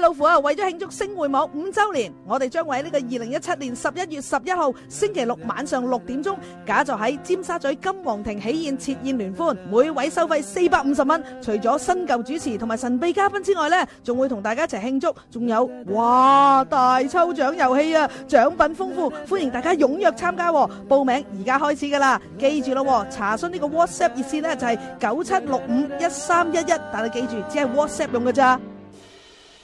老虎啊！為咗慶祝星匯網五周年，我哋將會喺呢個二零一七年十一月十一號星期六晚上六點鐘，假座喺尖沙咀金皇庭喜宴設宴聯歡，每位收費四百五十蚊。除咗新舊主持同埋神秘嘉賓之外呢，仲會同大家一齊慶祝。仲有哇大抽獎遊戲啊，獎品豐富，歡迎大家踴躍參加。報名而家開始噶啦，記住咯，查詢呢個 WhatsApp 熱線呢就係九七六五一三一一，但係記住只係 WhatsApp 用㗎咋。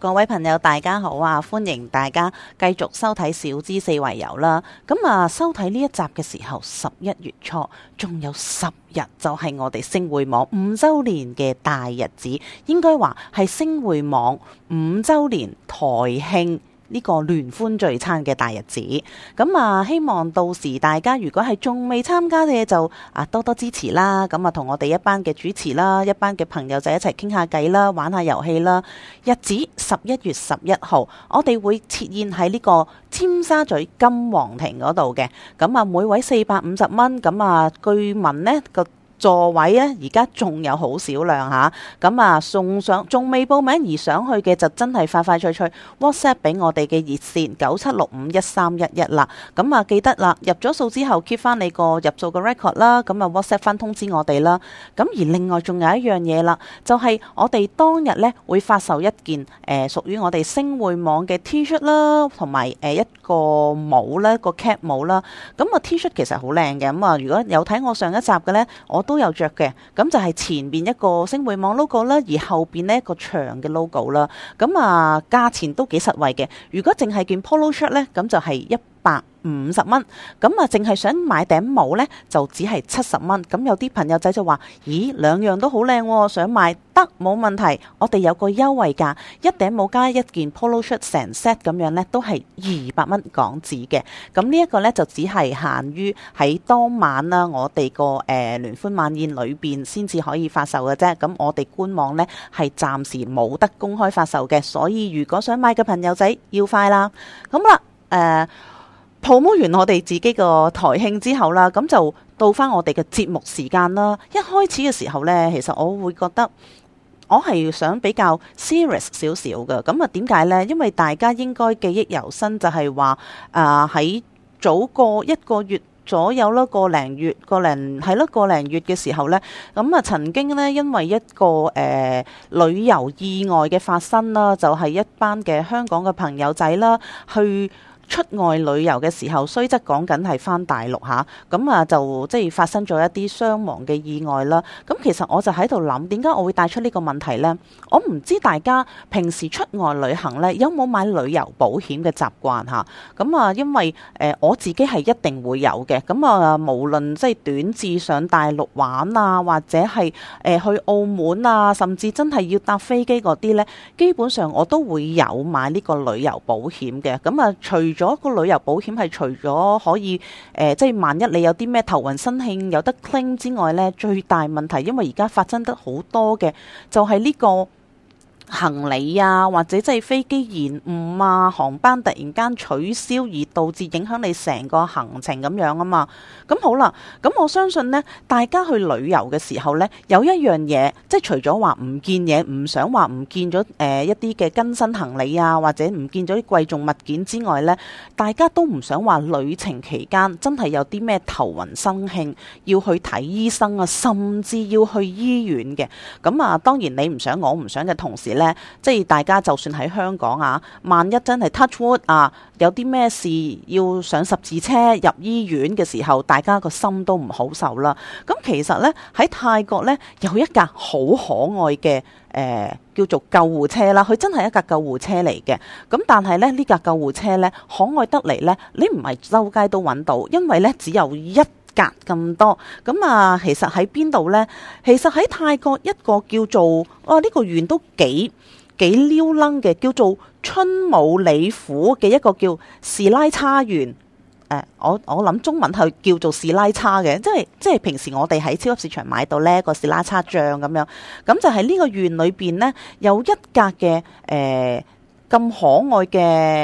各位朋友，大家好啊！歡迎大家繼續收睇《小資四圍遊》啦。咁啊，收睇呢一集嘅時候，十一月初，仲有十日就係我哋星匯網五周年嘅大日子，應該話係星匯網五周年台慶。呢個聯歡聚餐嘅大日子，咁啊希望到時大家如果係仲未參加嘅就啊多多支持啦，咁啊同我哋一班嘅主持啦、一班嘅朋友就一齊傾下偈啦、玩下遊戲啦。日子十一月十一號，我哋會設宴喺呢個尖沙咀金皇庭嗰度嘅，咁啊每位四百五十蚊，咁啊據聞呢個，座位咧，而家仲有好少量吓，咁啊送上，仲未報名而想去嘅就真係快快脆脆，WhatsApp 俾我哋嘅熱線九七六五一三一一啦。咁啊記得啦，入咗數之後 keep 翻你個入數嘅 record 啦，咁啊 WhatsApp 翻通知我哋啦。咁而另外仲有一樣嘢啦，就係我哋當日咧會發售一件誒屬於我哋星匯網嘅 T 恤啦，同埋誒一個帽咧，個 cap 帽啦。咁啊 T 恤其實好靚嘅，咁啊如果有睇我上一集嘅咧，我都有着嘅，咁就係前面一個星匯網 logo 啦，而後邊呢一個長嘅 logo 啦，啊，咁啊價錢都幾實惠嘅。如果淨係件 polo shirt 呢，咁就係一五十蚊咁啊，淨係想買頂帽呢，就只係七十蚊。咁有啲朋友仔就話，咦，兩樣都好靚喎，想買得冇問題。我哋有個優惠價，一頂帽加一件 polo shirt 成 set 咁樣呢，都係二百蚊港紙嘅。咁呢一個呢，就只係限於喺當晚啦，我哋個誒聯歡晚宴裏邊先至可以發售嘅啫。咁我哋官網呢，係暫時冇得公開發售嘅，所以如果想買嘅朋友仔要快啦。咁啦，誒、呃。抱舞完我哋自己個台慶之後啦，咁就到返我哋嘅節目時間啦。一開始嘅時候咧，其實我會覺得我係想比較 serious 少少嘅。咁啊，點解咧？因為大家應該記憶猶新就，就係話啊喺早過一個月左右啦，個零月個零係咯，個零月嘅時候咧，咁啊，曾經咧因為一個誒、呃、旅遊意外嘅發生啦，就係、是、一班嘅香港嘅朋友仔啦去。出外旅遊嘅時候，雖則講緊係翻大陸吓，咁啊就即係發生咗一啲傷亡嘅意外啦。咁、啊、其實我就喺度諗，點解我會帶出呢個問題咧？我唔知大家平時出外旅行咧有冇買旅遊保險嘅習慣吓，咁啊，因為誒、呃、我自己係一定會有嘅。咁啊，無論即係短至上大陸玩啊，或者係誒、呃、去澳門啊，甚至真係要搭飛機嗰啲咧，基本上我都會有買呢個旅遊保險嘅。咁啊，除咗個旅遊保險係除咗可以誒、呃，即係萬一你有啲咩頭暈身興有得 claim 之外呢，最大問題，因為而家發生得好多嘅就係、是、呢、這個。行李啊，或者即係飛機延誤啊，航班突然間取消而導致影響你成個行程咁樣啊嘛。咁、嗯、好啦，咁、嗯、我相信咧，大家去旅遊嘅時候咧，有一樣嘢，即係除咗話唔見嘢，唔想話唔見咗誒、呃、一啲嘅跟身行李啊，或者唔見咗啲貴重物件之外咧，大家都唔想話旅程期間真係有啲咩頭暈身興，要去睇醫生啊，甚至要去醫院嘅。咁、嗯、啊，當然你唔想我唔想嘅同時。咧，即係大家就算喺香港啊，萬一真係 touch wood 啊，有啲咩事要上十字車入醫院嘅時候，大家個心都唔好受啦。咁其實咧，喺泰國咧，有一架好可愛嘅，誒、呃，叫做救護車啦，佢真係一架救護車嚟嘅。咁但係咧，呢架救護車咧，可愛得嚟咧，你唔係周街都揾到，因為咧，只有一。隔咁多，咁、嗯、啊，其實喺邊度呢？其實喺泰國一個叫做哦，呢、啊，呢個縣都幾幾溜楞嘅，叫做春武里府嘅一個叫士拉差縣。誒、呃，我我諗中文係叫做士拉差嘅，即係即係平時我哋喺超級市場買到呢個士拉差醬咁樣。咁、嗯、就係呢個縣裏邊呢，有一格嘅誒咁可愛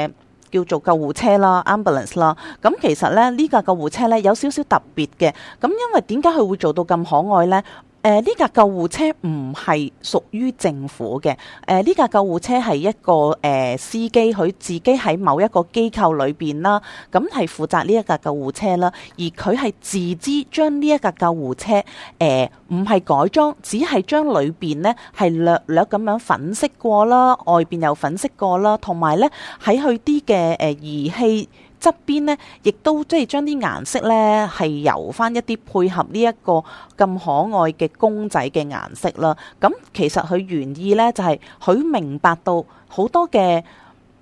嘅。叫做救護車啦，ambulance 啦。咁其實咧，呢架救護車咧有少少特別嘅。咁因為點解佢會做到咁可愛呢？誒呢架救護車唔係屬於政府嘅，誒呢架救護車係一個誒、呃、司機佢自己喺某一個機構裏邊啦，咁係負責呢一架救護車啦，而佢係自資將呢一架救護車誒唔係改裝，只係將裏邊呢係略略咁樣粉飾過啦，外邊又粉飾過啦，同埋呢，喺佢啲嘅誒儀器。側邊呢，亦都即係將啲顏色呢係由翻一啲配合呢一個咁可愛嘅公仔嘅顏色啦。咁其實佢原意呢，就係、是、佢明白到好多嘅誒。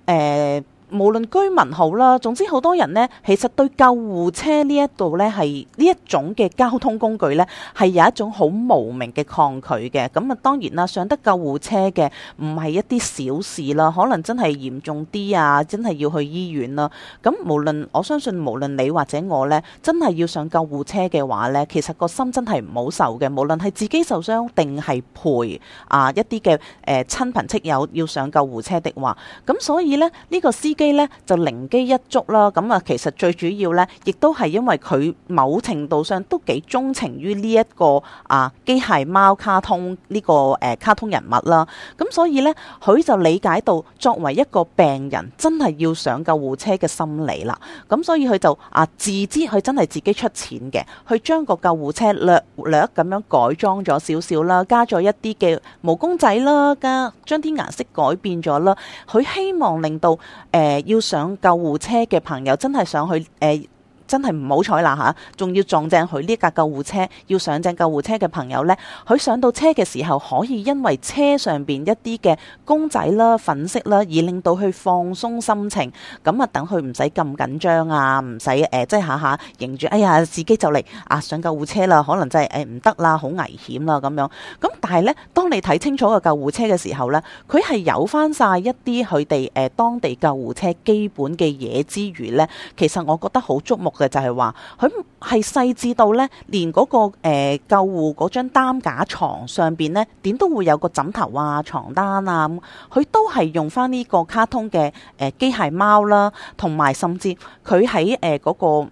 呃無論居民好啦，總之好多人呢，其實對救護車呢一度呢，係呢一種嘅交通工具呢，係有一種好無名嘅抗拒嘅。咁啊，當然啦，上得救護車嘅唔係一啲小事啦，可能真係嚴重啲啊，真係要去醫院啦。咁無論我相信，無論你或者我呢，真係要上救護車嘅話呢，其實個心真係唔好受嘅。無論係自己受傷定係陪啊一啲嘅誒親朋戚友要上救護車的話，咁所以呢，呢、呢個機咧，就靈機一觸啦，咁啊，其實最主要咧，亦都係因為佢某程度上都幾鍾情於呢一個啊機械貓卡通呢，這個誒、啊、卡通人物啦，咁所以咧，佢就理解到作為一個病人真係要上救護車嘅心理啦，咁、啊、所以佢就啊自知佢真係自己出錢嘅，去將個救護車略略咁樣改裝咗少少啦，加咗一啲嘅毛公仔啦，加將啲顏色改變咗啦，佢希望令到誒。欸誒、呃、要上救護車嘅朋友，真係想去誒。呃真係唔好彩啦，吓，仲要撞正佢呢架救護車要上正救護車嘅朋友咧，佢上到車嘅時候，可以因為車上邊一啲嘅公仔啦、粉色啦，而令到佢放鬆心情。咁啊，等佢唔使咁緊張啊，唔使誒，即係下下認住，哎呀，自己就嚟啊，上救護車啦，可能真係誒唔得啦，好危險啦咁樣。咁但係咧，當你睇清楚個救護車嘅時候咧，佢係有翻晒一啲佢哋誒當地救護車基本嘅嘢，之餘咧，其實我覺得好矚目。嘅就係話，佢係細緻到咧，連嗰、嗰個、呃、救護嗰張擔架床上邊咧，點都會有個枕頭啊、床單啊，佢都係用翻呢個卡通嘅誒機械貓啦，同埋甚至佢喺誒嗰個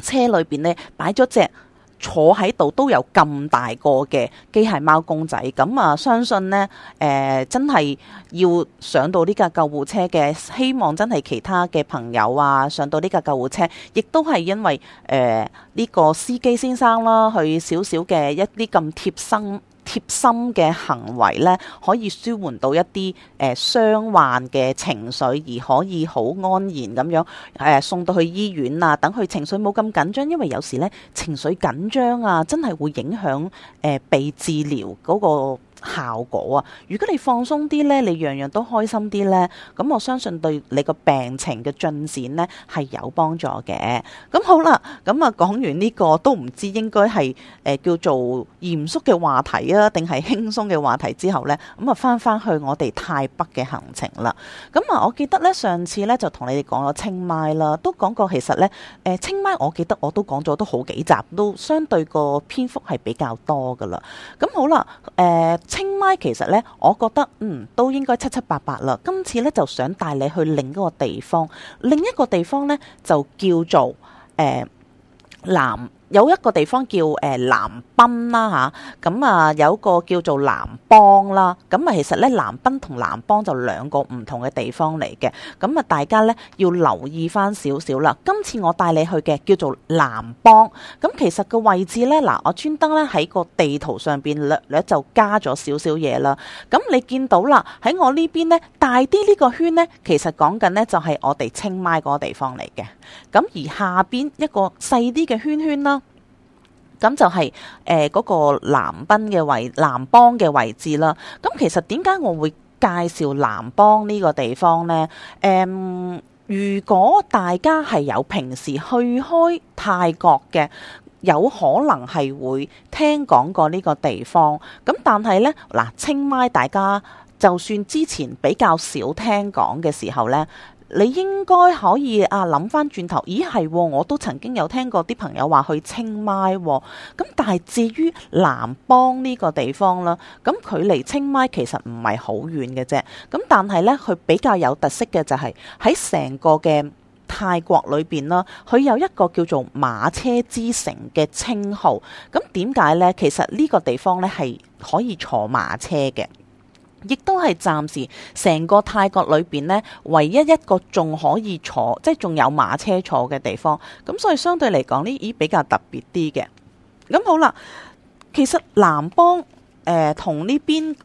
車裏邊咧擺咗隻。坐喺度都有咁大個嘅機械貓公仔，咁啊相信呢，誒、呃、真係要上到呢架救護車嘅，希望真係其他嘅朋友啊上到呢架救護車，亦都係因為誒呢、呃這個司機先生啦，佢少少嘅一啲咁貼身。貼心嘅行為咧，可以舒緩到一啲誒、呃、傷患嘅情緒，而可以好安然咁樣誒、呃、送到去醫院啊，等佢情緒冇咁緊張，因為有時咧情緒緊張啊，真係會影響誒、呃、被治療嗰個。效果啊！如果你放鬆啲呢，你樣樣都開心啲呢。咁我相信對你個病情嘅進展呢係有幫助嘅。咁好啦，咁啊講完呢、這個都唔知應該係誒叫做嚴肅嘅話題啊，定係輕鬆嘅話題之後呢？咁啊翻翻去我哋泰北嘅行程啦。咁啊，我記得呢，上次呢就同你哋講咗清邁啦，都講過其實呢誒、呃、清邁我記得我都講咗都好幾集，都相對個篇幅係比較多噶啦。咁好啦，誒、呃。清邁其實呢，我覺得嗯都應該七七八八啦。今次呢，就想帶你去另一個地方，另一個地方呢，就叫做誒，呃南有一個地方叫誒南濱啦吓，咁啊有一個叫做南邦啦，咁啊其實咧南濱同南邦就兩個唔同嘅地方嚟嘅，咁啊大家咧要留意翻少少啦。今次我帶你去嘅叫做南邦，咁、啊、其實個位置咧，嗱、啊、我專登咧喺個地圖上邊略略就加咗少少嘢啦。咁、啊、你見到啦，喺我呢邊咧大啲呢個圈咧，其實講緊咧就係我哋清邁嗰個地方嚟嘅。咁而下邊一個細啲嘅圈圈啦，咁就係誒嗰個南濱嘅位南邦嘅位置啦。咁其實點解我會介紹南邦呢個地方呢？嗯，如果大家係有平時去開泰國嘅，有可能係會聽講過呢個地方。咁但係呢，嗱，清邁大家就算之前比較少聽講嘅時候呢，你應該可以啊，諗翻轉頭，咦係，我都曾經有聽過啲朋友話去清邁喎。咁但係至於南邦呢個地方啦，咁距離清邁其實唔係好遠嘅啫。咁但係呢，佢比較有特色嘅就係喺成個嘅泰國裏邊啦，佢有一個叫做馬車之城嘅稱號。咁點解呢？其實呢個地方呢，係可以坐馬車嘅。亦都係暫時成個泰國裏邊咧，唯一一個仲可以坐，即係仲有馬車坐嘅地方。咁所以相對嚟講呢，已經比較特別啲嘅。咁好啦，其實南邦誒同呢邊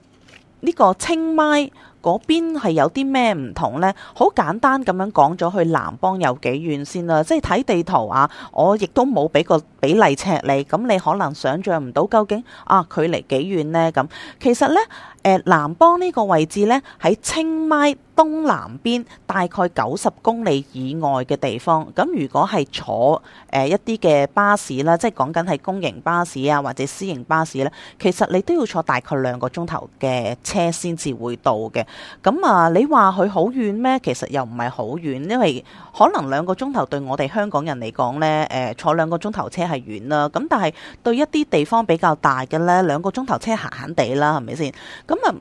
呢個清邁。嗰邊係有啲咩唔同呢？好簡單咁樣講咗去南邦有幾遠先啦，即係睇地圖啊！我亦都冇俾個比例尺你，咁你可能想像唔到究竟啊距離幾遠呢？咁其實呢，誒、呃、南邦呢個位置呢，喺清邁，東南邊大概九十公里以外嘅地方，咁如果係坐誒、呃、一啲嘅巴士啦，即係講緊係公營巴士啊，或者私營巴士咧，其實你都要坐大概兩個鐘頭嘅車先至會到嘅。咁啊，你話佢好遠咩？其實又唔係好遠，因為可能兩個鐘頭對我哋香港人嚟講咧，誒、呃、坐兩個鐘頭車係遠啦。咁但係對一啲地方比較大嘅咧，兩個鐘頭車閒閒地啦，係咪先？咁啊。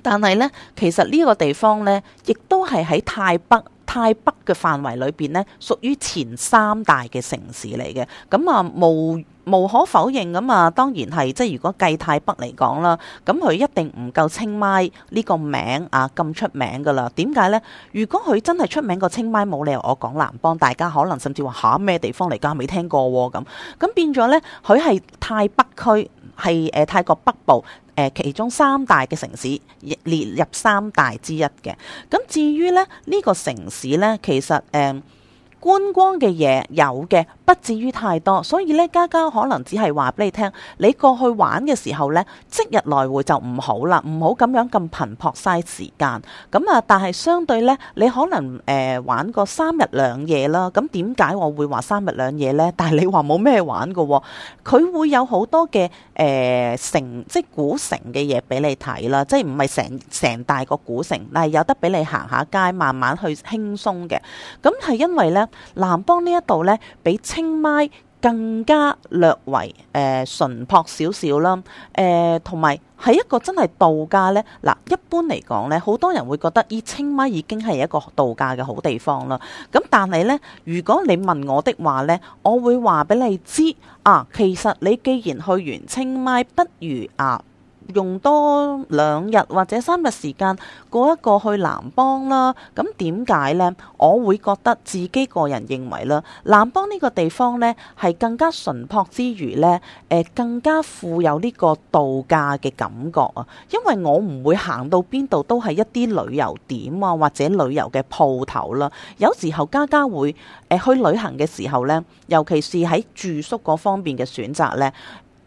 但係咧，其實呢個地方咧，亦都係喺泰北泰北嘅範圍裏邊咧，屬於前三大嘅城市嚟嘅。咁啊，無無可否認，咁啊當然係，即係如果計泰北嚟講啦，咁佢一定唔夠清邁呢個名啊咁出名㗎啦。點解咧？如果佢真係出名個清邁，冇理由我講南邦，大家可能甚至話下咩地方嚟㗎？未聽過喎、啊、咁。咁變咗咧，佢係泰北區。係誒、呃、泰國北部誒、呃、其中三大嘅城市列入三大之一嘅。咁至於咧呢、這個城市咧，其實誒。呃觀光嘅嘢有嘅，不至於太多，所以呢，家家可能只係話俾你聽，你過去玩嘅時候呢，即日來回就唔好啦，唔好咁樣咁頻撲嘥時間。咁啊，但係相對呢，你可能誒、呃、玩個三日兩夜啦。咁點解我會話三日兩夜呢？但係你話冇咩玩嘅、哦，佢會有好多嘅誒、呃、城，即古城嘅嘢俾你睇啦。即係唔係成成大個古城，但係有得俾你行下街，慢慢去輕鬆嘅。咁係因為呢。南邦呢一度呢，比清邁更加略為誒呃、淳樸少少啦，誒同埋係一個真係度假呢，嗱，一般嚟講呢，好多人會覺得依清邁已經係一個度假嘅好地方啦。咁但係呢，如果你問我的話呢，我會話俾你知啊。其實你既然去完清邁，不如啊。用多兩日或者三日時間過一個去南邦啦，咁點解呢？我會覺得自己個人認為啦，南邦呢個地方呢，係更加淳樸之餘呢，誒更加富有呢個度假嘅感覺啊！因為我唔會行到邊度都係一啲旅遊點啊，或者旅遊嘅鋪頭啦。有時候家家會誒去旅行嘅時候呢，尤其是喺住宿嗰方面嘅選擇呢。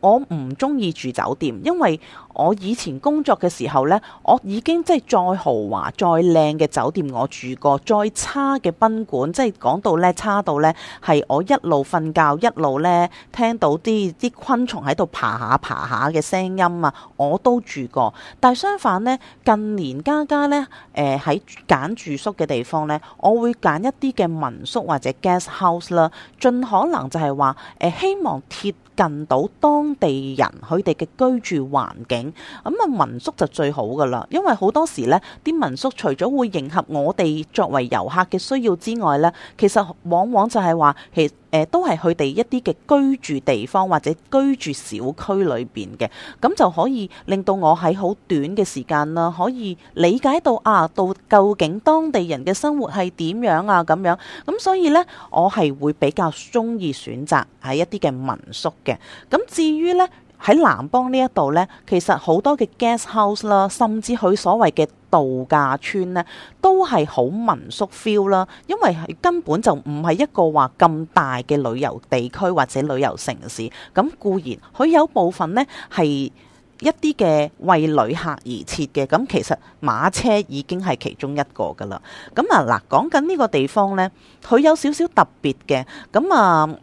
我唔中意住酒店，因為我以前工作嘅時候呢，我已經即係再豪華、再靚嘅酒店我住過，再差嘅賓館，即係講到呢差到呢，係我一路瞓覺，一路呢聽到啲啲昆蟲喺度爬下爬下嘅聲音啊，我都住過。但係相反呢，近年家家呢，誒喺揀住宿嘅地方呢，我會揀一啲嘅民宿或者 guest house 啦，盡可能就係話，誒、呃、希望貼。近到當地人佢哋嘅居住環境，咁啊民宿就最好㗎喇，因為好多時呢，啲民宿除咗會迎合我哋作為遊客嘅需要之外呢，其實往往就係話其。都係佢哋一啲嘅居住地方或者居住小區裏邊嘅，咁就可以令到我喺好短嘅時間啦，可以理解到啊，到究竟當地人嘅生活係點樣啊咁樣，咁所以呢，我係會比較中意選擇喺一啲嘅民宿嘅，咁至於呢。喺南邦呢一度呢，其實好多嘅 guest house 啦，甚至佢所謂嘅度假村呢，都係好民宿 feel 啦，因為根本就唔係一個話咁大嘅旅遊地區或者旅遊城市。咁固然佢有部分呢係一啲嘅為旅客而設嘅。咁其實馬車已經係其中一個噶啦。咁啊嗱，講緊呢個地方呢，佢有少少特別嘅。咁啊～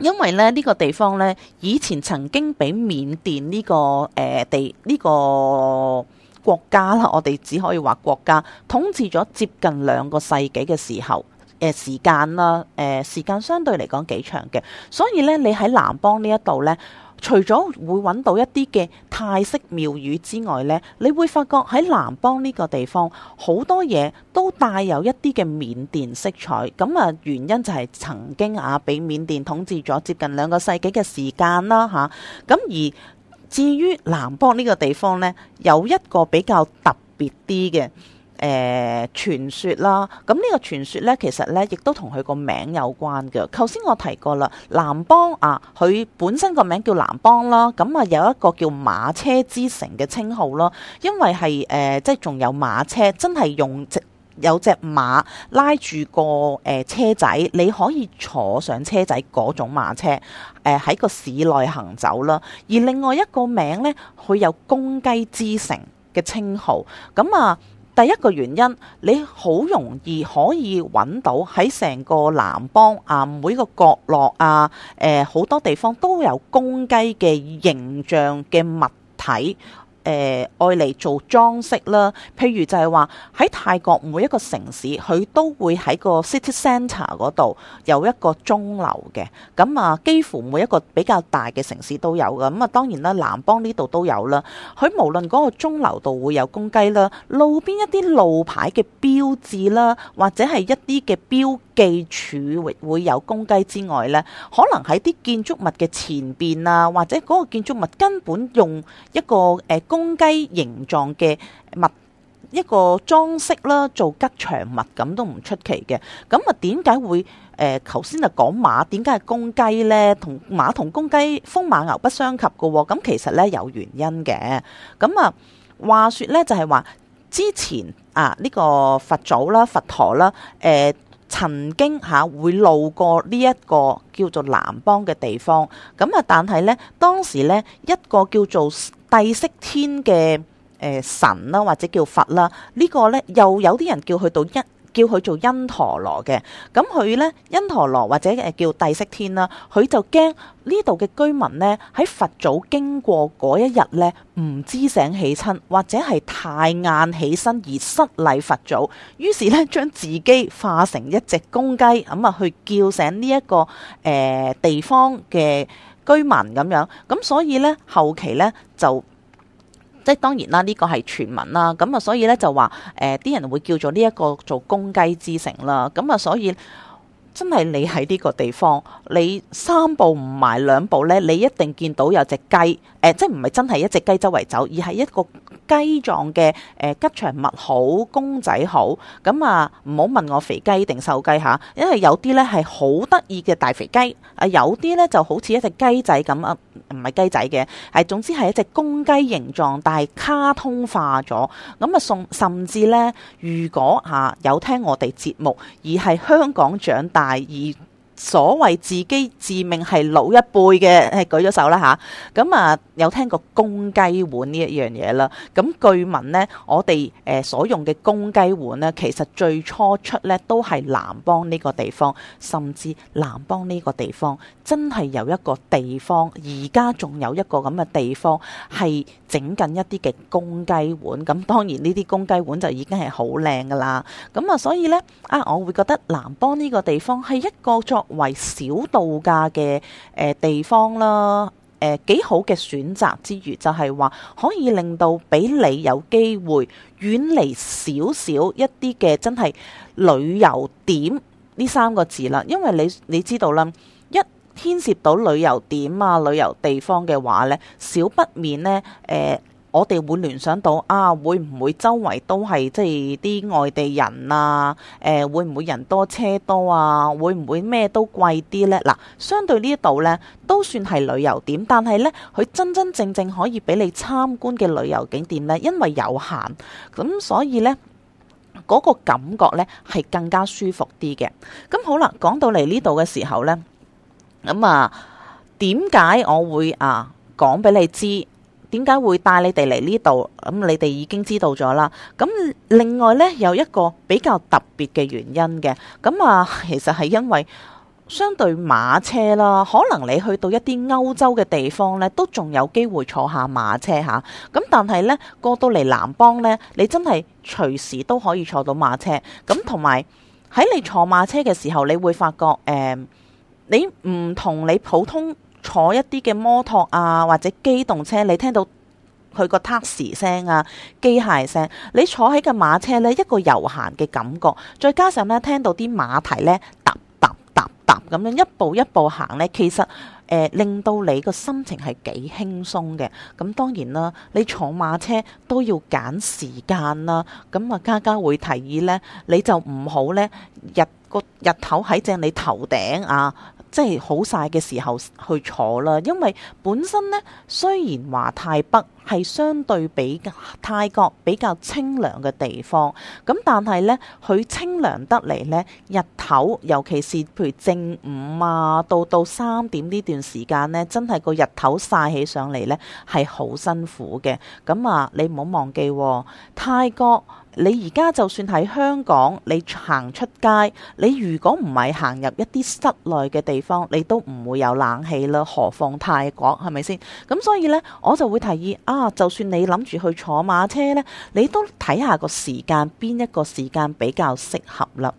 因為咧呢、這個地方呢，以前曾經俾緬甸呢、這個誒、呃、地呢、這個國家啦，我哋只可以話國家統治咗接近兩個世紀嘅時候誒、呃、時間啦誒、呃、時間相對嚟講幾長嘅，所以呢，你喺南邦呢一度呢。除咗會揾到一啲嘅泰式廟宇之外呢，你會發覺喺南邦呢個地方好多嘢都帶有一啲嘅緬甸色彩。咁啊，原因就係曾經啊，俾緬甸統治咗接近兩個世紀嘅時間啦，吓，咁而至於南邦呢個地方呢，有一個比較特別啲嘅。誒、呃、傳說啦，咁、嗯、呢、這個傳說呢，其實呢，亦都同佢個名有關嘅。頭先我提過啦，南邦啊，佢本身個名叫南邦啦，咁、嗯、啊有一個叫馬車之城嘅稱號啦，因為係誒即係仲有馬車，真係用隻有隻馬拉住個誒、呃、車仔，你可以坐上車仔嗰種馬車喺、呃、個市內行走啦。而另外一個名呢，佢有公雞之城嘅稱號，咁、嗯嗯、啊～第一個原因，你好容易可以揾到喺成個南邦啊，每個角落啊，誒、呃、好多地方都有公雞嘅形象嘅物體。誒愛嚟做裝飾啦，譬如就係話喺泰國每一個城市，佢都會喺個 city centre 嗰度有一個鐘樓嘅，咁啊幾乎每一個比較大嘅城市都有㗎。咁啊當然啦南邦呢度都有啦，佢無論嗰個鐘樓度會有公雞啦，路邊一啲路牌嘅標誌啦，或者係一啲嘅標。記住會有公雞之外呢，可能喺啲建築物嘅前邊啊，或者嗰個建築物根本用一個誒、呃、公雞形狀嘅物一個裝飾啦，做吉祥物咁都唔出奇嘅。咁啊，點解會誒頭先啊講馬，點解係公雞呢？同馬同公雞，風馬牛不相及嘅喎、啊。咁其實呢，有原因嘅。咁啊，話説呢，就係、是、話之前啊，呢、這個佛祖啦、佛陀啦，誒、呃。曾經嚇會路過呢一個叫做南邦嘅地方，咁啊但係呢，當時呢，一個叫做帝釋天嘅誒神啦或者叫佛啦，呢、這個呢，又有啲人叫去到一。叫佢做因陀羅嘅，咁佢呢因陀羅或者誒叫帝釋天啦，佢就驚呢度嘅居民呢喺佛祖經過嗰一日呢唔知醒起親，或者係太晏起身而失禮佛祖，於是呢將自己化成一隻公雞咁啊去叫醒呢、這、一個誒、呃、地方嘅居民咁樣，咁所以呢，後期呢就。即係當然啦，呢個係傳聞啦，咁啊，所以咧就話誒啲人會叫做呢一個做公雞之城啦，咁啊，所以真係你喺呢個地方，你三步唔埋兩步咧，你一定見到有隻雞，誒、呃，即係唔係真係一隻雞周圍走，而係一個。雞狀嘅誒吉祥物好公仔好，咁啊唔好問我肥雞定瘦雞吓，因為有啲咧係好得意嘅大肥雞，啊有啲咧就好似一隻雞仔咁啊，唔係雞仔嘅，係總之係一隻公雞形狀，但係卡通化咗，咁啊送甚至咧，如果吓、啊、有聽我哋節目而係香港長大而。所謂自己自命係老一輩嘅，係舉咗手啦吓，咁啊，有聽過公雞碗呢一樣嘢啦？咁、啊、據聞呢，我哋誒、呃、所用嘅公雞碗呢，其實最初出呢都係南邦呢個地方，甚至南邦呢個地方真係有一個地方，而家仲有一個咁嘅地方係整緊一啲嘅公雞碗。咁、啊、當然呢啲公雞碗就已經係好靚噶啦。咁啊，所以呢，啊，我會覺得南邦呢個地方係一個作為小度假嘅誒地方啦，誒、呃、幾好嘅選擇之餘，就係、是、話可以令到俾你有機會遠離少少一啲嘅真係旅遊點呢三個字啦，因為你你知道啦，一牽涉到旅遊點啊旅遊地方嘅話呢，少不免呢。誒、呃。我哋會聯想到啊，會唔會周圍都係即係啲外地人啊？誒，會唔會人多車多啊？會唔會咩都貴啲呢？嗱，相對呢一度呢，都算係旅遊點，但係呢，佢真真正正可以俾你參觀嘅旅遊景點呢，因為有限，咁所以呢，嗰個感覺呢，係更加舒服啲嘅。咁好啦，講到嚟呢度嘅時候呢，咁啊，點解我會啊講俾你知？點解會帶你哋嚟呢度？咁你哋已經知道咗啦。咁另外呢，有一個比較特別嘅原因嘅。咁啊，其實係因為相對馬車啦，可能你去到一啲歐洲嘅地方呢，都仲有機會坐下馬車嚇。咁、啊、但係呢，過到嚟南邦呢，你真係隨時都可以坐到馬車。咁同埋喺你坐馬車嘅時候，你會發覺誒、呃，你唔同你普通。坐一啲嘅摩托啊，或者機動車，你聽到佢個剎時聲啊、機械聲，你坐喺個馬車咧，一個遊行嘅感覺，再加上咧聽到啲馬蹄咧嗒嗒嗒嗒，咁樣一步一步行咧，其實誒、呃、令到你個心情係幾輕鬆嘅。咁、嗯、當然啦，你坐馬車都要揀時間啦。咁、嗯、啊，嘉嘉會提議咧，你就唔好咧日個日頭喺正你頭頂啊。即係好曬嘅時候去坐啦，因為本身咧雖然話太北。係相對比泰國比較清涼嘅地方，咁但係呢，佢清涼得嚟呢日頭尤其是譬如正午啊，到到三點呢段時間呢，真係個日頭曬起上嚟呢，係好辛苦嘅。咁啊，你唔好忘記喎，泰國你而家就算喺香港，你行出街，你如果唔係行入一啲室內嘅地方，你都唔會有冷氣啦，何況泰國係咪先？咁所以呢，我就會提議啊。啊！就算你諗住去坐馬車呢，你都睇下個時間，邊一個時間比較適合啦。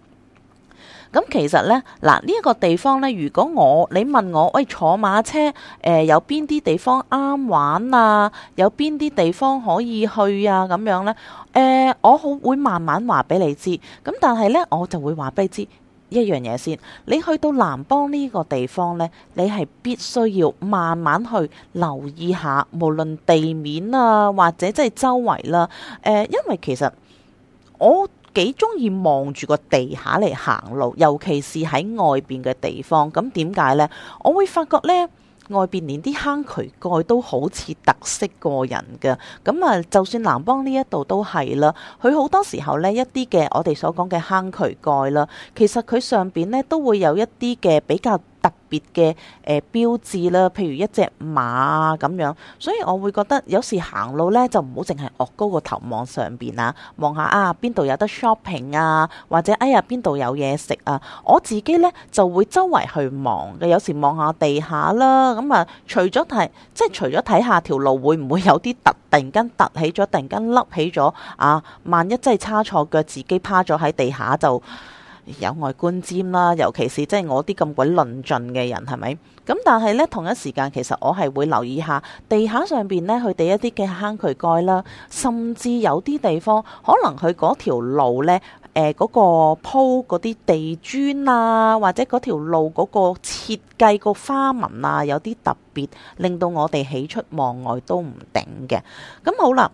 咁、嗯、其實呢，嗱呢一個地方呢，如果我你問我喂、哎、坐馬車，呃、有邊啲地方啱玩啊？有邊啲地方可以去啊？咁樣呢，誒、呃、我好會慢慢話俾你知。咁但係呢，我就會話俾你知。一樣嘢先，你去到南邦呢個地方呢，你係必須要慢慢去留意下，無論地面啊或者即係周圍啦、啊呃。因為其實我幾中意望住個地下嚟行路，尤其是喺外邊嘅地方。咁點解呢？我會發覺呢。外邊連啲坑渠蓋都好似特色過人嘅，咁啊，就算南邦呢一度都係啦。佢好多時候呢一啲嘅我哋所講嘅坑渠蓋啦，其實佢上邊呢都會有一啲嘅比較特別嘅誒標誌啦，譬如一隻馬啊咁樣，所以我會覺得有時行路咧就唔好淨係岳高個頭望上邊啊，望下啊邊度有得 shopping 啊，或者哎呀邊度有嘢食啊，我自己咧就會周圍去望嘅，有時望下地下啦，咁啊除咗睇即係除咗睇下條路會唔會有啲突，突然間突起咗，突然間凹起咗啊，萬一真係差錯腳，自己趴咗喺地下就～有外觀尖啦，尤其是即係我啲咁鬼論盡嘅人，係咪？咁但係呢，同一時間其實我係會留意下地下上邊呢，佢哋一啲嘅坑渠蓋啦，甚至有啲地方可能佢嗰條路呢，誒、呃、嗰、嗰個鋪嗰啲地磚啊，或者嗰條路嗰個設計個花紋啊，有啲特別，令到我哋喜出望外都唔定嘅。咁好啦。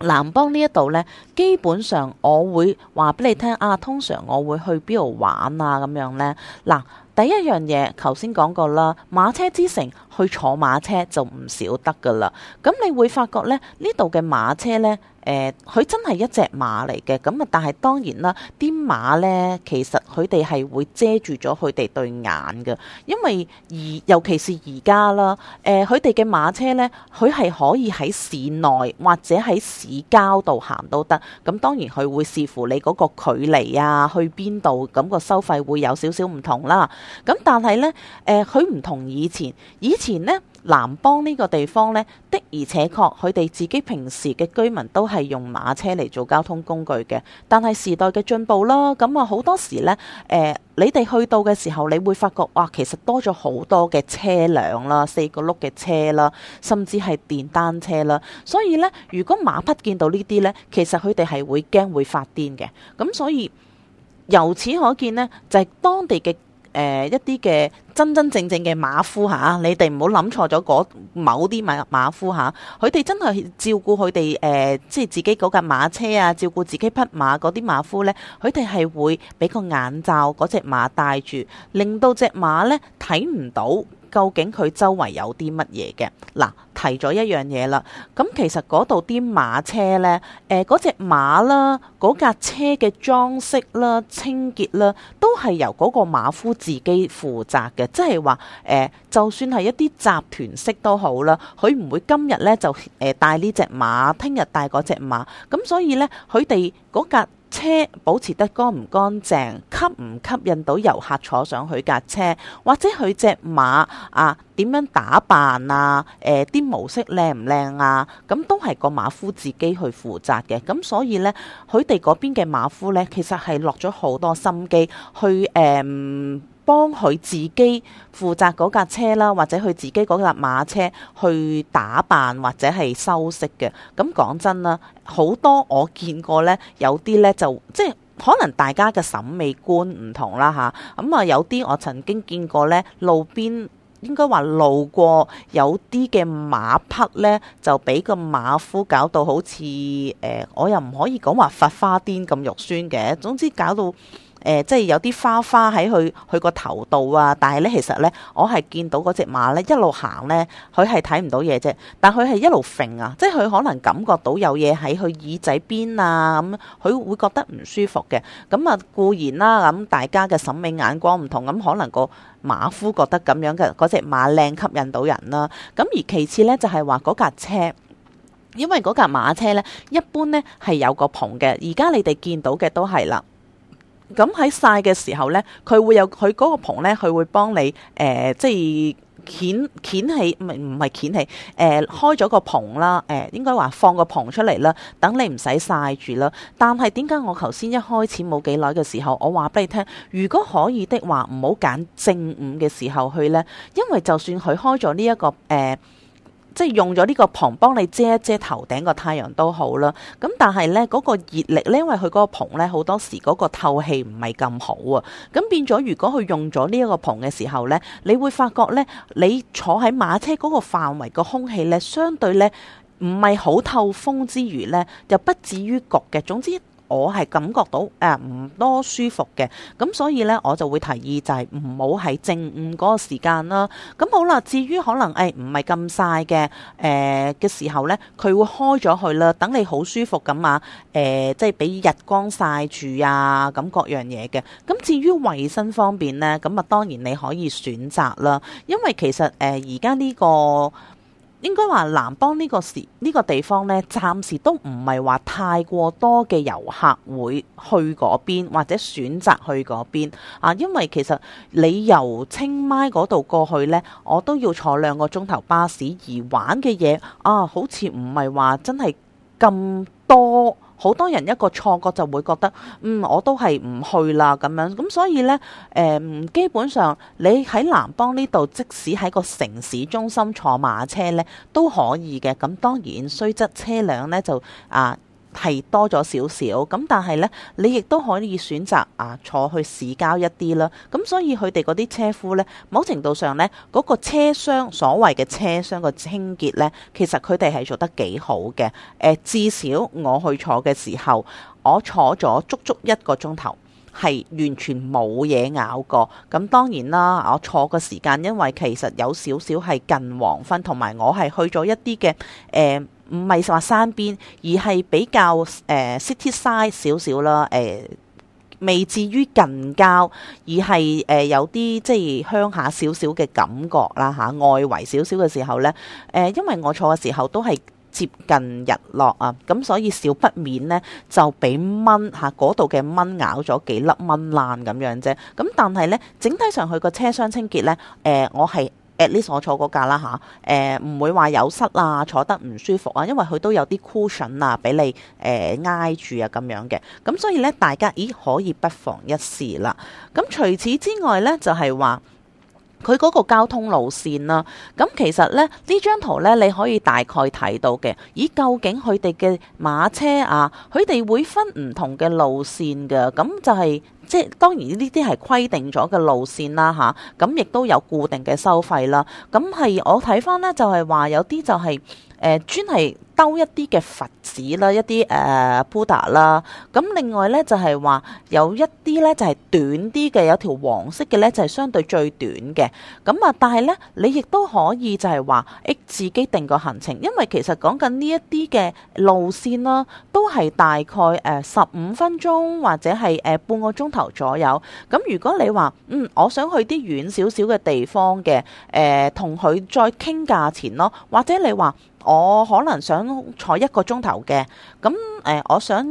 南邦呢一度呢，基本上我會話畀你聽啊，通常我會去邊度玩啊咁樣呢。嗱，第一樣嘢頭先講過啦，馬車之城。去坐馬車就唔少得噶啦，咁你會發覺咧，呢度嘅馬車咧，誒、呃、佢真係一隻馬嚟嘅。咁啊但係當然啦，啲馬咧，其實佢哋係會遮住咗佢哋對眼嘅，因為而尤其是而家啦，誒佢哋嘅馬車咧，佢係可以喺市內或者喺市郊度行都得，咁當然佢會視乎你嗰個距離啊，去邊度咁個收費會有少少唔同啦，咁但係咧，誒佢唔同以前，以前。然呢，南邦呢個地方呢，的而且確佢哋自己平時嘅居民都係用馬車嚟做交通工具嘅。但係時代嘅進步啦，咁啊好多時咧，誒、呃、你哋去到嘅時候，你會發覺哇，其實多咗好多嘅車輛啦，四個轆嘅車啦，甚至係電單車啦。所以咧，如果馬匹見到呢啲咧，其實佢哋係會驚會發癲嘅。咁、嗯、所以由此可見咧，就係、是、當地嘅誒、呃、一啲嘅。真真正正嘅馬夫嚇，你哋唔好諗錯咗某啲馬馬夫嚇，佢哋真係照顧佢哋誒，即係自己嗰架馬車啊，照顧自己匹馬嗰啲馬夫咧，佢哋係會俾個眼罩嗰隻馬戴住，令到隻馬呢睇唔到究竟佢周圍有啲乜嘢嘅。嗱，提咗一樣嘢啦，咁其實嗰度啲馬車呢，誒嗰隻馬啦，嗰架車嘅裝飾啦、清潔啦，都係由嗰個馬夫自己負責。即係話誒，就算係一啲集團式都好啦，佢唔會今日咧就，誒帶呢隻馬，聽日帶嗰隻馬，咁所以咧佢哋嗰架車保持得乾唔乾淨，吸唔吸引到遊客坐上佢架車，或者佢隻馬啊點樣打扮啊，誒、呃、啲毛色靚唔靚啊，咁都係個馬夫自己去負責嘅，咁所以咧佢哋嗰邊嘅馬夫咧，其實係落咗好多心機去誒。嗯幫佢自己負責嗰架車啦，或者佢自己嗰架馬車去打扮或者係修飾嘅。咁講真啦，好多我見過呢，有啲呢就即係可能大家嘅審美觀唔同啦吓，咁啊、嗯、有啲我曾經見過呢，路邊應該話路過有啲嘅馬匹呢，就俾個馬夫搞到好似誒、呃，我又唔可以講話發花癲咁肉酸嘅，總之搞到。誒、呃，即係有啲花花喺佢佢個頭度啊！但係咧，其實咧，我係見到嗰隻馬咧一,一路行咧，佢係睇唔到嘢啫。但佢係一路揈啊，即係佢可能感覺到有嘢喺佢耳仔邊啊，咁、嗯、佢會覺得唔舒服嘅。咁、嗯、啊，固然啦、啊，咁大家嘅審美眼光唔同，咁、嗯、可能個馬夫覺得咁樣嘅嗰隻馬靚吸引到人啦、啊。咁、嗯、而其次咧，就係話嗰架車，因為嗰架馬車咧，一般咧係有個篷嘅，而家你哋見到嘅都係啦。咁喺曬嘅時候呢，佢會有佢嗰個棚呢，佢會幫你誒、呃，即係掀掀起唔唔係掀起誒、呃，開咗個棚啦，誒、呃，應該話放個棚出嚟啦，等你唔使曬住啦。但係點解我頭先一開始冇幾耐嘅時候，我話俾你聽，如果可以的話，唔好揀正午嘅時候去呢，因為就算佢開咗呢一個誒。呃即係用咗呢個棚幫你遮一遮頭頂個太陽都好啦，咁但係呢嗰個熱力呢，因為佢嗰個棚呢，好多時嗰個透氣唔係咁好啊，咁變咗如果佢用咗呢一個棚嘅時候呢，你會發覺呢，你坐喺馬車嗰個範圍個空氣呢，相對呢唔係好透風之餘呢，又不至於焗嘅。總之。我係感覺到誒唔、呃、多舒服嘅，咁所以呢，我就會提議就係唔好喺正午嗰個時間啦。咁好啦，至於可能誒唔係咁曬嘅誒嘅時候呢，佢會開咗佢啦，等你好舒服咁啊誒，即係俾日光曬住啊，咁各樣嘢嘅。咁至於衞生方面呢，咁啊當然你可以選擇啦，因為其實誒而家呢個。應該話南邦呢個時呢、呢個地方呢，暫時都唔係話太過多嘅遊客會去嗰邊，或者選擇去嗰邊啊。因為其實你由清邁嗰度過去呢，我都要坐兩個鐘頭巴士，而玩嘅嘢啊，好似唔係話真係咁多。好多人一個錯覺就會覺得，嗯，我都係唔去啦咁樣，咁所以呢，誒、嗯，基本上你喺南邦呢度，即使喺個城市中心坐馬車呢都可以嘅，咁當然雖則車輛呢就啊，係多咗少少，咁但係呢，你亦都可以選擇啊坐去市郊一啲啦。咁、嗯、所以佢哋嗰啲車夫呢，某程度上呢，嗰、那個車廂所謂嘅車廂個清潔呢，其實佢哋係做得幾好嘅。誒、呃，至少我去坐嘅時候，我坐咗足足一個鐘頭，係完全冇嘢咬過。咁、嗯、當然啦，我坐嘅時間，因為其實有少少係近黃昏，同埋我係去咗一啲嘅誒。呃唔係話山邊，而係比較誒、呃、city size 少少啦，誒、呃、未至於近郊，而係誒、呃、有啲即係鄉下少少嘅感覺啦嚇、啊，外圍少少嘅時候呢，誒、呃、因為我坐嘅時候都係接近日落啊，咁所以少不免呢就俾蚊嚇嗰度嘅蚊咬咗幾粒蚊爛咁樣啫，咁、啊、但係呢，整體上佢個車廂清潔呢，誒、呃、我係。誒呢所坐嗰架啦嚇，誒、啊、唔、呃、會話有塞啊，坐得唔舒服啊，因為佢都有啲 cushion 啊，俾你誒挨、呃、住啊咁樣嘅。咁所以咧，大家咦可以不妨一試啦。咁、啊、除此之外咧，就係話佢嗰個交通路線啦。咁、啊、其實咧呢張圖咧，你可以大概睇到嘅。咦，究竟佢哋嘅馬車啊，佢哋會分唔同嘅路線嘅。咁、啊、就係、是。即係當然呢啲係規定咗嘅路線啦吓，咁亦都有固定嘅收費啦。咁係我睇翻咧，就係話有啲就係。誒、呃、專係兜一啲嘅佛寺、呃、啦，一啲誒 Buddha 啦。咁另外咧就係、是、話有一啲咧就係、是、短啲嘅，有條黃色嘅咧就係、是、相對最短嘅。咁、嗯、啊，但係咧你亦都可以就係話誒自己定個行程，因為其實講緊呢一啲嘅路線啦，都係大概誒十五分鐘或者係誒、呃、半個鐘頭左右。咁、嗯、如果你話嗯我想去啲遠少少嘅地方嘅誒，同、呃、佢再傾價錢咯，或者你話。我可能想坐一個鐘頭嘅咁誒，我想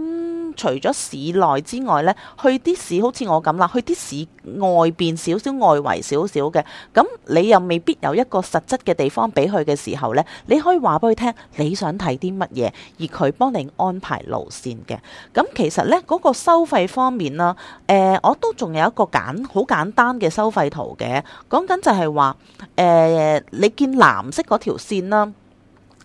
除咗市內之外呢去啲市好似我咁啦，去啲市，市外邊少少外圍少少嘅咁，你又未必有一個實質嘅地方俾佢嘅時候呢，你可以話俾佢聽你想睇啲乜嘢，而佢幫你安排路線嘅。咁其實呢嗰、嗰個收費方面啦，誒、呃，我都仲有一個簡好簡單嘅收費圖嘅，講緊就係話誒，你見藍色嗰條線啦。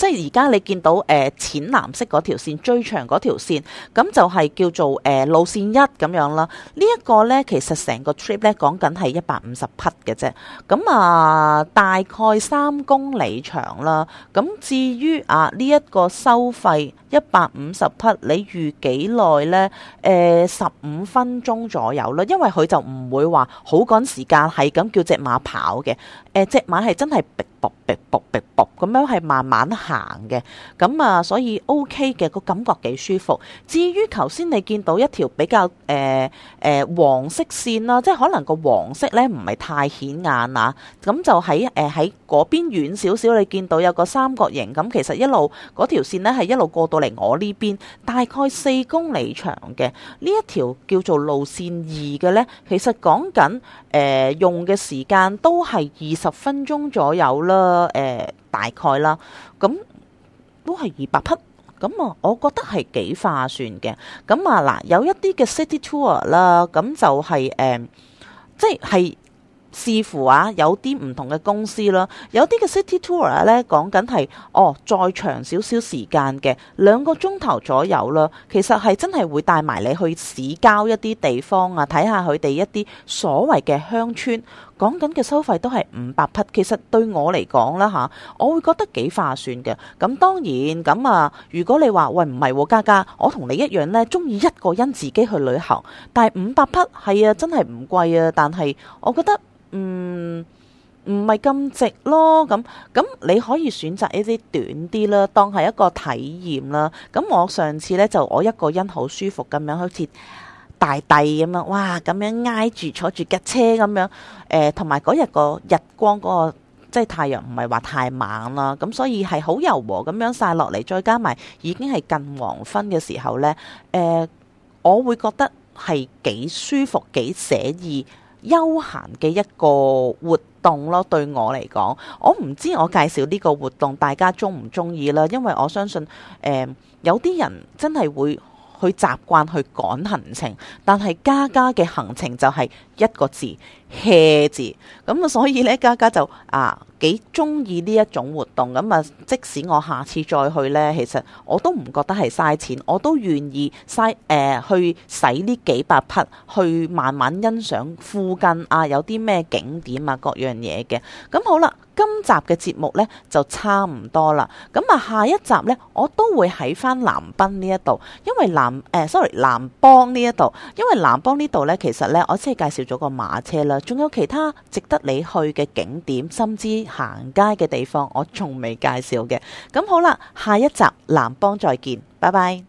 即係而家你見到誒、呃、淺藍色嗰條線最長嗰條線，咁就係叫做誒、呃、路線一咁樣啦。呢、這、一個呢，其實成個 trip 呢講緊係一百五十匹嘅啫，咁啊、呃、大概三公里長啦。咁至於啊呢一、這個收費一百五十匹，你預幾耐呢？誒十五分鐘左右啦，因為佢就唔會話好趕時間，係咁叫隻馬跑嘅。誒、呃、隻馬係真係逼迫逼迫逼迫咁樣係慢慢。行嘅咁啊，所以 OK 嘅個感覺幾舒服。至於頭先你見到一條比較誒誒、呃呃、黃色線啦，即係可能個黃色咧唔係太顯眼啊。咁、嗯、就喺誒喺嗰邊遠少少，你見到有個三角形咁、嗯，其實一路嗰條線咧係一路過到嚟我呢邊，大概四公里長嘅呢一條叫做路線二嘅咧，其實講緊誒用嘅時間都係二十分鐘左右啦，誒、呃、大概啦。咁都係二百匹，咁啊，我覺得係幾划算嘅。咁啊嗱，有一啲嘅 city tour 啦，咁就係、是、誒、呃，即係視乎啊，有啲唔同嘅公司啦，有啲嘅 city tour 咧，講緊係哦，再長少少時間嘅兩個鐘頭左右啦，其實係真係會帶埋你去市郊一啲地方啊，睇下佢哋一啲所謂嘅鄉村。講緊嘅收費都係五百匹，其實對我嚟講啦嚇，我會覺得幾划算嘅。咁當然咁啊，如果你話喂唔係嘉嘉，我同你一樣呢，中意一個人自己去旅行，但係五百匹係啊，真係唔貴啊。但係我覺得嗯唔係咁值咯。咁咁你可以選擇一啲短啲啦，當係一個體驗啦。咁我上次呢，就我一個人好舒服咁樣好似。大帝咁樣，哇！咁樣挨住坐住架車咁樣，誒、呃，同埋嗰日個日光嗰個即係太陽唔係話太猛啦，咁所以係好柔和咁樣曬落嚟，再加埋已經係近黃昏嘅時候呢，誒、呃，我會覺得係幾舒服、幾寫意、休閒嘅一個活動咯。對我嚟講，我唔知我介紹呢個活動大家中唔中意啦，因為我相信誒、呃、有啲人真係會。佢習慣去趕行程，但係家家嘅行程就係一個字。嘿字咁啊，所以咧家家就啊幾中意呢一種活動咁啊，即使我下次再去咧，其實我都唔覺得係嘥錢，我都願意嘥誒、呃、去使呢幾百匹去慢慢欣賞附近啊有啲咩景點啊各樣嘢嘅。咁好啦，今集嘅節目咧就差唔多啦，咁啊下一集咧我都會喺翻南濱呢一度，因為南誒、呃、sorry 南邦呢一度，因為南邦呢度咧其實咧我先係介紹咗個馬車啦。仲有其他值得你去嘅景點，甚至行街嘅地方，我仲未介紹嘅。咁好啦，下一集南邦再見，拜拜。